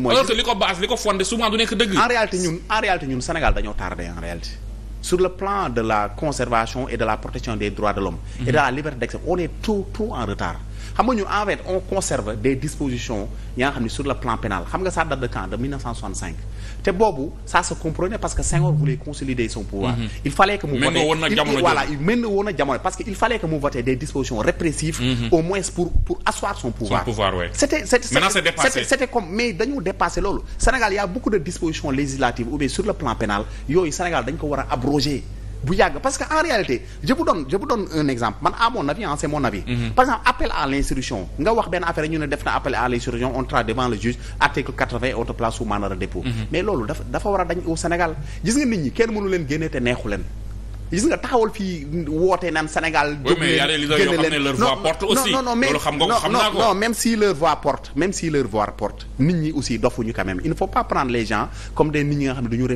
mooy alors que li ko base li ko fondé souvent du nekk dëgg. en réalité ñun en réalité ñun Sénégal dañoo tardé en réalité. sur le plan de la conservation et de la protection des droits de l'homme et de la liberté d'expression on est trop trop en retard. xam nga ñu en fait on conserve des dispositions yi xam ne sur le plan pénal xam nga ça date de te boobu ça se comprenait parce que Senghor voulait consolider son pouvoir. Mm-hmm. il fallait que mu vote na woon a jamono parce que il fallait que mu vote des dispositions répressives. Mm au moins pour pour son pouvoir. son c'est comme mais dañu dépassé loolu Sénégal y a beaucoup de dispositions législatives ou bien sur le plan pénal yooyu Sénégal dañ ko war a abroger. bu yàgg parce que en réalité je vous donne je un exemple man à mon avis ah c'est mon avis. Mm -hmm. par exemple appel à l'instruction nga wax benn affaire ñu ne def na appel à l'instruction on traite devant le juge article quatre-vingt autre place sous mandat de dépôt. Mhm. mais loolu dafa dafa war a dañ au Sénégal gis nga nit ñi kenn mënu leen génne te neexu leen. gis nga taxawal fii wootee naan Sénégal. jóg leen génne leen non non mais non non même si leur voix porte ñi aussi dofuñu nga xam ne duñu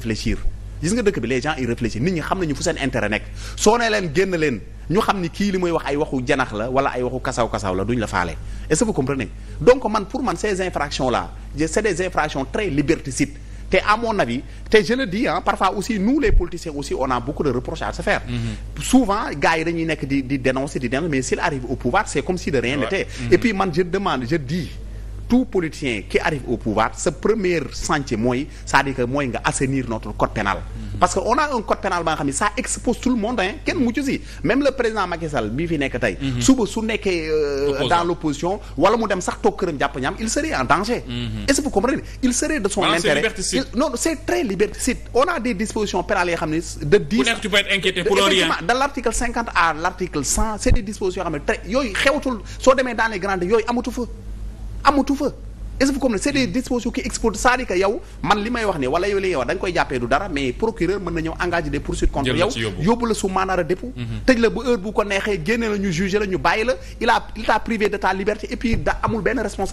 gis nga dëkk bi les gens ils réfléchissent nit ñi xam nañu fu seen intérêt nekk soo nee leen génn leen ñu xam ni kii li muy wax ay waxu janax la wala ay waxu kasaw kasaw la duñ la faale est-ce que vous comprenez man pour man ces infractions là c'est des infractions très liberticides te à mon avis te je le parfois aussi nous les politiciens aussi on a beaucoup de reproches à se faire. Mm-hmm. souvent gars dañuy nekk di di dénoncer di dénoncer mais s'il arrive au pouvoir c'est comme mm-hmm. demande je tout politicien qui arrive au pouvoir sa premier chantier mooy c'est-à-dire que mooy nga assainir notre code pénal mhm. parce que on un code pénal ba nga xam ne ça expose tout le monde hein kenn mucc si même le président Macky Sall fi nekk tey mhm. suba su nekkee euh, dans l'opposition wala mu dem sax toog këram jàpp ñaam il serait en danger mhm. est-ce que il serait de son voilà, intérêt c'est très liberticide on des dispositions pénales xam ne de dix tu peux à l'article cent c'est des xam ne très yooyu xewatul soo demee daal les grandes amatu fa amatu fa est c'est des dispositions qui exportent c'est-à-dire que yow man li may wax ne wala yow li yow da nga koy jàppee du dara mais procureur mën na ñëw engagé des poursuites contre yow yóbbu la su mandat de mhm. tëj la bu heure bu ko neexee génne la ñu jugé bàyyi la il a il t'a privé de ta liberté et puis da amul benn responsable